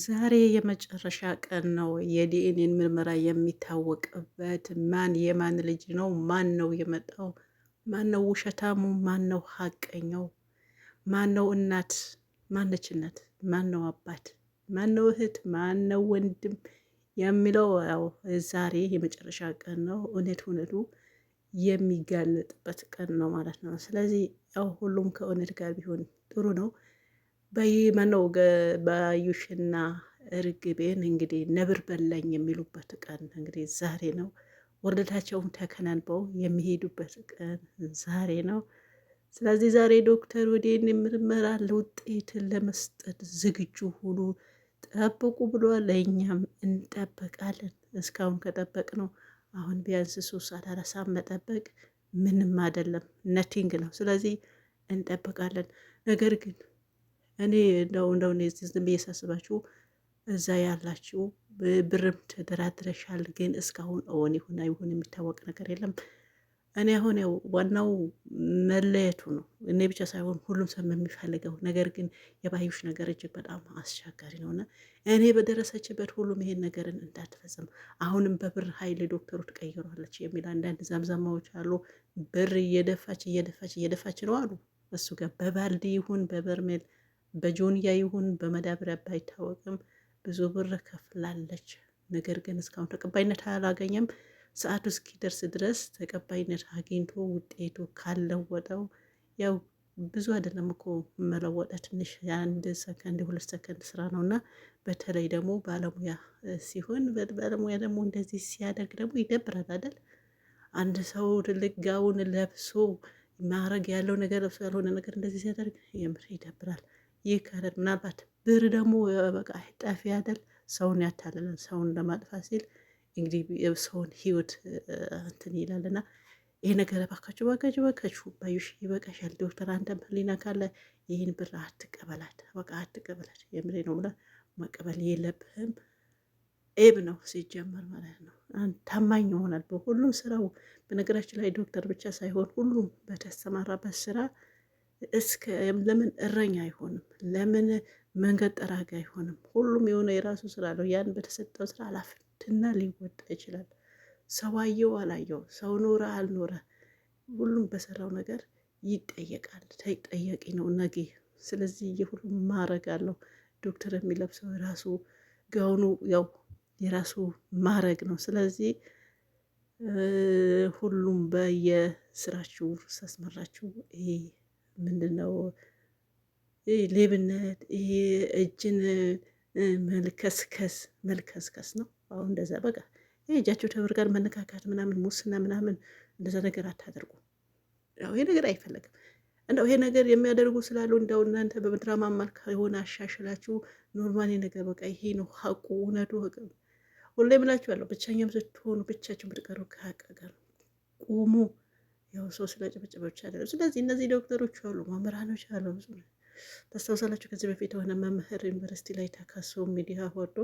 ዛሬ የመጨረሻ ቀን ነው። የዲኤንኤን ምርመራ የሚታወቅበት ማን የማን ልጅ ነው፣ ማን ነው የመጣው፣ ማን ነው ውሸታሙ፣ ማን ነው ሀቀኛው፣ ማን ነው እናት፣ ማነች እናት፣ ማን ነው አባት፣ ማን ነው እህት፣ ማን ነው ወንድም የሚለው ያው ዛሬ የመጨረሻ ቀን ነው። እውነት እውነቱ የሚጋለጥበት ቀን ነው ማለት ነው። ስለዚህ ያው ሁሉም ከእውነት ጋር ቢሆን ጥሩ ነው። በይመነው ባዩሽና ርግቤን እንግዲህ ነብር በላኝ የሚሉበት ቀን እንግዲህ ዛሬ ነው። ወረዳቸውም ተከናንበው የሚሄዱበት ቀን ዛሬ ነው። ስለዚህ ዛሬ ዶክተር ወዴን ምርመራ ለውጤትን ለመስጠት ዝግጁ ሁኑ ጠብቁ ብሏል። ለእኛም እንጠበቃለን እስካሁን ከጠበቅ ነው አሁን ቢያንስ ሶስት ሰዓት አራት ሰዓት መጠበቅ ምንም አይደለም፣ ነቲንግ ነው። ስለዚህ እንጠብቃለን ነገር ግን እኔ እንደው እንደው ዝም ብዬ ሳስባችሁ እዛ ያላችሁ ብርም ተደራድረሻል፣ ግን እስካሁን እውን ይሁን አይሁን የሚታወቅ ነገር የለም። እኔ አሁን ያው ዋናው መለየቱ ነው። እኔ ብቻ ሳይሆን ሁሉም ሰው የሚፈልገው ነገር ግን የባዩሽ ነገር እጅግ በጣም አስቸጋሪ ነውና እኔ በደረሰችበት ሁሉም ይሄን ነገርን እንዳትፈጽም አሁንም በብር ኃይል ዶክተሩ ትቀይሯለች የሚል አንዳንድ ዛምዛማዎች አሉ። ብር እየደፋች እየደፋች እየደፋች ነው አሉ። እሱ ጋር በባልዲ ይሁን በበርሜል በጆንያ ይሁን በመዳብሪያ ባይታወቅም ብዙ ብር ከፍላለች። ነገር ግን እስካሁን ተቀባይነት አላገኘም። ሰዓቱ እስኪደርስ ድረስ ተቀባይነት አግኝቶ ውጤቱ ካለወጠው ያው ብዙ አይደለም እኮ መለወጠ ትንሽ የአንድ ሰከንድ የሁለት ሰከንድ ስራ ነው እና በተለይ ደግሞ ባለሙያ ሲሆን ባለሙያ ደግሞ እንደዚህ ሲያደርግ ደግሞ ይደብራል አይደል? አንድ ሰው ትልቅ ጋውን ለብሶ ማድረግ ያለው ነገር ለብሶ ያልሆነ ነገር እንደዚህ ሲያደርግ የምር ይደብራል። ይከረድ። ምናልባት ብር ደግሞ በቃ ጠፊ አይደል? ሰውን ያታልላል። ሰውን ለማጥፋት ሲል እንግዲህ ሰውን ህይወት እንትን ይላልና ይሄ ነገር እባካችሁ እባካችሁ እባካችሁ ባዩሽ ይበቃሻል። ዶክተር አንተም ህሊና ካለ ይህን ብር አትቀበላት፣ በቃ አትቀበላት። የምሬ ነው ብላ መቀበል የለብህም። ኤብ ነው ሲጀመር ማለት ነው። ታማኝ ይሆናል በሁሉም ስራው። በነገራችን ላይ ዶክተር ብቻ ሳይሆን ሁሉም በተሰማራበት ስራ እስከ ለምን እረኛ አይሆንም? ለምን መንገድ ጠራጊ አይሆንም? ሁሉም የሆነ የራሱ ስራ አለው። ያን በተሰጠው ስራ አላፍትና ሊወጣ ይችላል። ሰው አየው አላየው፣ ሰው ኖረ አልኖረ፣ ሁሉም በሰራው ነገር ይጠየቃል። ተጠያቂ ነው ነገ። ስለዚህ የሁሉም ማዕረግ አለው። ዶክተር የሚለብሰው የራሱ ጋውኑ ያው የራሱ ማዕረግ ነው። ስለዚህ ሁሉም በየስራችሁ ይሄ ምንድነው ሌብነት፣ ይሄ እጅን መልከስከስ መልከስከስ ነው። አሁን እንደዛ በቃ ይሄ እጃቸው ተብር ጋር መነካካት ምናምን ሙስና ምናምን እንደዛ ነገር አታደርጉ። ያው ይሄ ነገር አይፈለግም። እንደው ይሄ ነገር የሚያደርጉ ስላሉ እንደው እናንተ በምድራማ መልክ የሆነ አሻሽላችሁ ኖርማሊ ነገር በቃ ይሄ ነው ሀቁ፣ እውነቱ ሁሌ ብላችኋለሁ። ብቻኛም ስትሆኑ ብቻችሁ ብትቀሩ ከሀቅ ጋር ቁሙ። ያው ሰው ስለ ጭብጭቦች አይደለም። ስለዚህ እነዚህ ዶክተሮች አሉ፣ መምህራኖች አሉ። ታስታውሳላችሁ ከዚህ በፊት የሆነ መምህር ዩኒቨርሲቲ ላይ ተከሶ ሚዲያ ወርዶ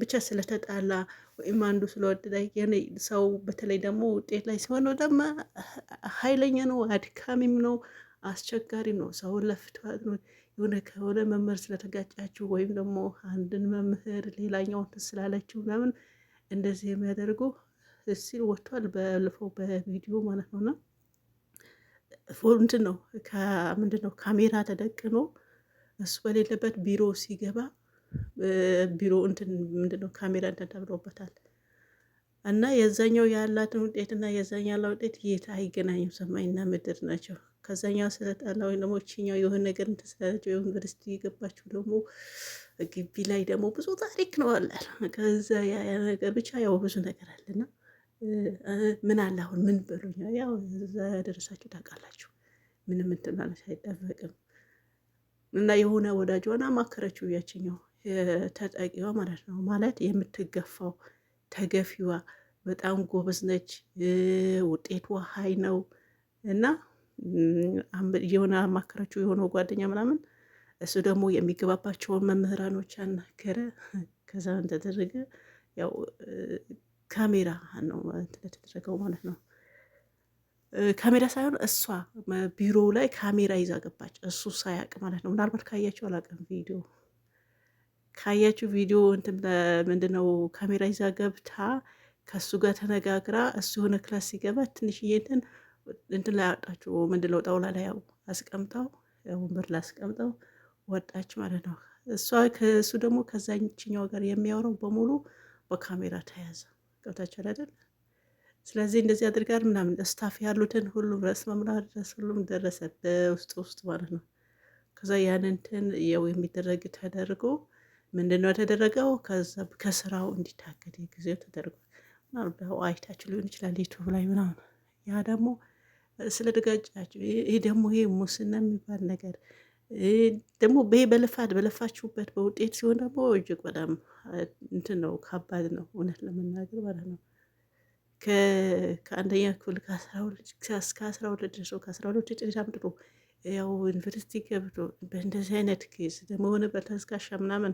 ብቻ ስለተጣላ ወይም አንዱ ስለወደደ ሰው በተለይ ደግሞ ውጤት ላይ ሲሆን ነው ደግሞ ኃይለኛ ነው፣ አድካሚም ነው፣ አስቸጋሪ ነው። ሰውን ለፍትዋት ነው የሆነ ከሆነ መምህር ስለተጋጫችሁ ወይም ደግሞ አንድን መምህር ሌላኛውን ስላለችው ምናምን እንደዚህ የሚያደርጉ ሲል ወጥቷል፣ ባለፈው በቪዲዮ ማለት ነውና ምንድን ነው ምንድን ነው ካሜራ ተደቅኖ እሱ በሌለበት ቢሮ ሲገባ ቢሮ እንትን ምንድን ነው ካሜራ እንትን ተብሎበታል። እና የዛኛው ያላትን ውጤት እና የዛኛ ያለ ውጤት የት አይገናኝም። ሰማይና ምድር ናቸው። ከዛኛው ስለጣላ ወይም ደግሞ ችኛው የሆነ ነገር እንትን ስላለችው ዩኒቨርሲቲ የገባችው ደግሞ ግቢ ላይ ደግሞ ብዙ ታሪክ ነው አለ። ከዛ ያ ነገር ብቻ ያው ብዙ ነገር አለና ምን አለ አሁን ምን በሉኛል። ያው ደረሳችሁ ታውቃላችሁ። ምንም እንትን አይጠበቅም። እና የሆነ ወዳጇን አማከረችው ያችኛው ተጠቂዋ ማለት ነው ማለት የምትገፋው ተገፊዋ በጣም ጎበዝ ነች፣ ውጤቷ ሀይ ነው እና የሆነ አማከረችው የሆነ ጓደኛ ምናምን እሱ ደግሞ የሚገባባቸውን መምህራኖች አናገረ። ከዛ እንደተደረገ ያው ካሜራ ነው የተደረገው ማለት ነው። ካሜራ ሳይሆን እሷ ቢሮ ላይ ካሜራ ይዛ ገባች፣ እሱ ሳያውቅ ማለት ነው። ምናልባት ካያችሁ አላውቅም፣ ቪዲዮ ካያችሁ ቪዲዮ እንትን ምንድነው ካሜራ ይዛ ገብታ ከእሱ ጋር ተነጋግራ እሱ የሆነ ክላስ ሲገባ ትንሽዬ እንትን እንትን ላይ አወጣችሁ፣ ምንድነው ጣውላ ላይ ያው አስቀምጠው ወንበር ላይ አስቀምጠው ወጣች ማለት ነው። እሷ ከእሱ ደግሞ ከዛችኛው ጋር የሚያወራው በሙሉ በካሜራ ተያዘ። ገብታችኋል አይደል? ስለዚህ እንደዚህ አድርጋል ምናምን ስታፍ ያሉትን ሁሉም ርዕስ መምራር ድረስ ሁሉም ደረሰ በውስጥ ውስጥ ማለት ነው። ከዛ ያንንትን የው የሚደረግ ተደርጎ ምንድን ነው የተደረገው? ከዛ ከስራው እንዲታገድ ጊዜው ተደርጓል። ምናልባት አይታችሁ ሊሆን ይችላል ዩቱብ ላይ ምናምን። ያ ደግሞ ስለ ድጋጫቸው ይህ ደግሞ ይሄ ሙስና የሚባል ነገር ደግሞ በይ በልፋት በለፋችሁበት በውጤት ሲሆን ደግሞ እጅግ በጣም እንትን ነው፣ ከባድ ነው እውነት ለመናገር ማለት ነው። ከአንደኛ ክፍል ከአስራ ሁለት ደርሶ ከአስራ ሁለት ውጤት አምጥቶ ያው ዩኒቨርሲቲ ገብቶ በእንደዚህ አይነት ኬዝ ደግሞ ሆነ በተዝካሻ ምናምን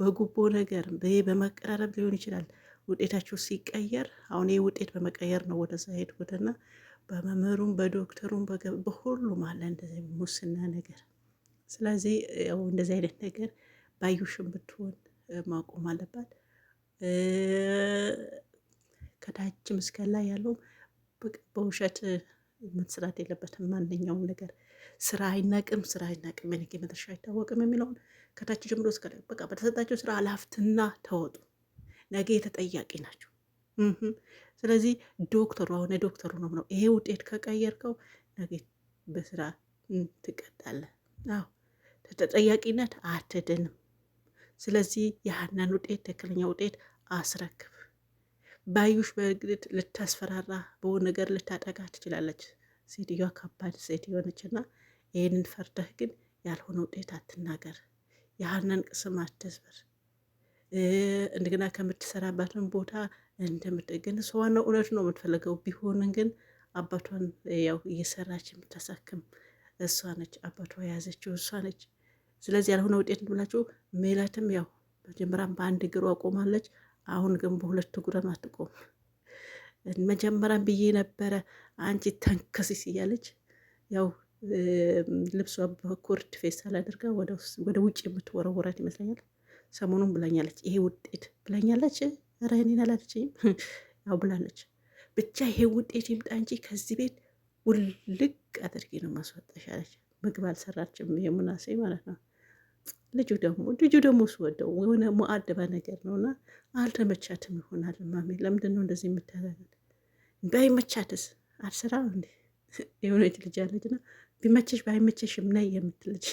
በጉቦ ነገር በይ በመቀራረብ ሊሆን ይችላል ውጤታቸው ሲቀየር። አሁን ይህ ውጤት በመቀየር ነው ወደዛ ሄድኩትና በመምህሩም በዶክተሩም በሁሉም አለ እንደዚህ ሙስና ነገር። ስለዚህ ያው እንደዚህ አይነት ነገር ባዩሽም ብትሆን ማቆም አለባት። ከታችም እስከ ላይ ያለውም በውሸት መስራት የለበትም። ማንኛውም ነገር ስራ አይናቅም፣ ስራ አይናቅም፣ የነገ መድረሻ አይታወቅም የሚለውን ከታች ጀምሮ እስከ ላይ በቃ በተሰጣቸው ስራ አላፍትና ተወጡ። ነገ የተጠያቂ ናቸው። ስለዚህ ዶክተሩ አሁን የዶክተሩ ነው ነው ይሄ ውጤት ከቀየርከው ነገ በስራ ትቀጣለህ። አዎ ተጠያቂነት አትድንም። ስለዚህ ያህናን ውጤት ትክክለኛ ውጤት አስረክብ። ባዩሽ በእግድ ልታስፈራራ በሆነ ነገር ልታጠቃ ትችላለች። ሴትዮዋ ከባድ ሴት የሆነችና ይህንን ፈርተህ ግን ያልሆነ ውጤት አትናገር። ያህናን ቅስም አትስበር። እንደገና ከምትሰራባትን ቦታ እንደምትገን እሷ ዋናው እውነት ነው የምትፈልገው። ቢሆንም ግን አባቷን ያው እየሰራች የምታሳክም እሷ ነች፣ አባቷ የያዘችው እሷ ነች። ስለዚህ ያልሆነ ውጤት ብላችሁ ሜላትም ያው መጀመሪያም በአንድ እግሯ ቆማለች። አሁን ግን በሁለት እግሯም አትቆም። መጀመሪያም ብዬ ነበረ አንቺ ተንከሲስ እያለች ያው ልብሷ በኩርድ ፌስ አላደርጋ ወደ ውጭ የምትወረወራት ይመስለኛል። ሰሞኑን ብላኛለች፣ ይሄ ውጤት ብላኛለች። ኧረ አላለችኝም፣ ያው ብላለች። ብቻ ይሄ ውጤት ይምጣ እንጂ ከዚህ ቤት ውልቅ አድርጌ ነው ማስወጣሽ አለች። ምግብ አልሰራችም የምናሴ ማለት ነው። ልጁ ደግሞ ልጁ ደግሞ ስወደው የሆነ ማአደባ ነገር ነው እና አልተመቻትም ይሆናል። ማሜ ለምንድን ነው እንደዚህ የምታደርገው? ባይመቻትስ አልሰራ የሆነች ልጅ አለች እና ቢመቸሽ ባይመቸሽም ናይ የምትልጅ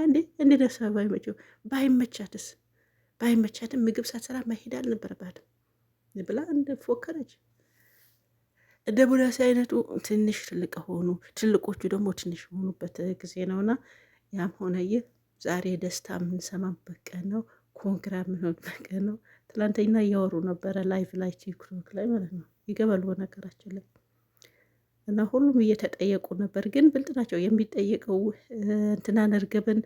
አንዴ እንዴ ነፍሳ ባይመቸው ባይመቻትስ ባይመቻትም ምግብ ሳትሰራ መሄድ አልነበረባትም ብላ እንደፎከረች ደቡዳሴ አይነቱ ትንሽ ትልቅ ሆኑ፣ ትልቆቹ ደግሞ ትንሽ የሆኑበት ጊዜ ነውና ያም ሆነ ይህ ዛሬ ደስታ የምንሰማበት ቀን ነው። ኮንግራ የምንሆንበት ቀን ነው። ትላንተኛ እያወሩ ነበረ ላይቭ ላይ ቲክቶክ ላይ ማለት ነው። ይገባሉ በነገራችን ላይ እና ሁሉም እየተጠየቁ ነበር። ግን ብልጥ ናቸው የሚጠየቀው እንትናን እርግብን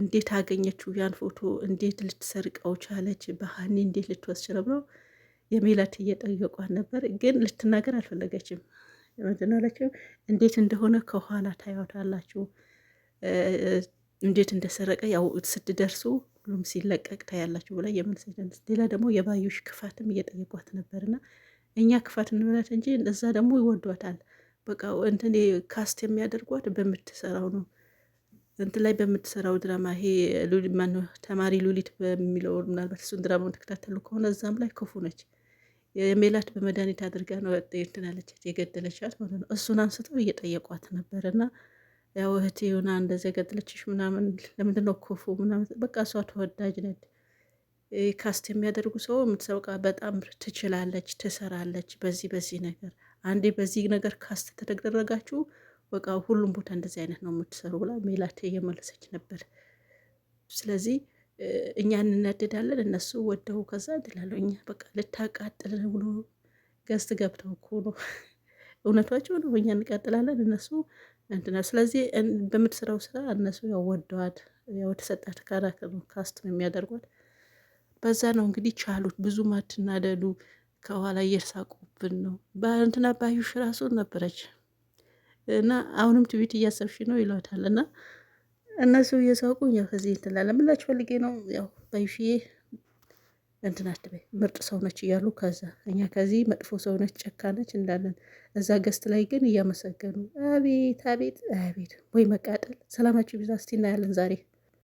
እንዴት አገኘችው? ያን ፎቶ እንዴት ልትሰርቀው ቻለች? በሀኒ እንዴት ልትወስድ ብለው የሚላት እየጠየቋን ነበር። ግን ልትናገር አልፈለገችም። ምንድናላቸው እንዴት እንደሆነ ከኋላ ታያታላችሁ፣ እንዴት እንደሰረቀ ያው ስትደርሱ ሁሉም ሲለቀቅ ታያላችሁ ብላ የመልስ ሌላ ደግሞ የባዩሽ ክፋትም እየጠየቋት ነበርና እኛ ክፋት እንበላት እንጂ እዛ ደግሞ ይወዷታል። በቃ እንትን ካስት የሚያደርጓት በምትሰራው ነው እንት ላይ በምትሰራው ድራማ ይሄ ማነው ተማሪ ሉሊት በሚለው ምናልባት እሱን ድራማ ተከታተሉ ከሆነ እዛም ላይ ክፉ ነች። የሜላት በመድኃኒት አድርጋ ነው ትናለች የገደለቻት ማለት ነው። እሱን አንስተው እየጠየቋት ነበር እና ያው እህቴ ሆና እንደዚያ ገድለችሽ ምናምን ለምንድን ነው ክፉ ምናምን በቃ እሷ ተወዳጅ ነች። ካስት የሚያደርጉ ሰው የምትሰውቃ በጣም ትችላለች፣ ትሰራለች በዚህ በዚህ ነገር አንዴ በዚህ ነገር ካስት ተደረጋችሁ በቃ ሁሉም ቦታ እንደዚህ አይነት ነው የምትሰሩ ብላ ሜላት እየመለሰች ነበር። ስለዚህ እኛ እንነድዳለን፣ እነሱ ወደው ከዛ እንትላለሁ እኛ በቃ ልታቃጥልን ብሎ ገዝት ገብተው እኮ ነው እውነቷቸው ነው። እኛ እንቃጥላለን፣ እነሱ እንትና። ስለዚህ በምትሰራው ስራ እነሱ ያው ወደዋት ያው የተሰጣት ካስት ነው የሚያደርጓት። በዛ ነው እንግዲህ ቻሉት። ብዙም አትናደዱ፣ ከኋላ እየሳቁ እየሆነብን ነው። እንትና ባዩሽ ራሱ ነበረች እና አሁንም ትዊት እያሰብሽ ነው ይሏታል። እና እነሱ እየሳቁኝ ያው ከዚህ እንትላለ ምላችሁ ፈልጌ ነው ያው ባዩሽዬ እንትና አትበይ ምርጥ ሰው ነች እያሉ ከዛ እኛ ከዚህ መጥፎ ሰው ነች ጨካነች እንዳለን እዛ ገስት ላይ ግን እያመሰገኑ አቤት አቤት አቤት ወይ መቃጠል። ሰላማችሁ ብዛ። እስቲ እናያለን ዛሬ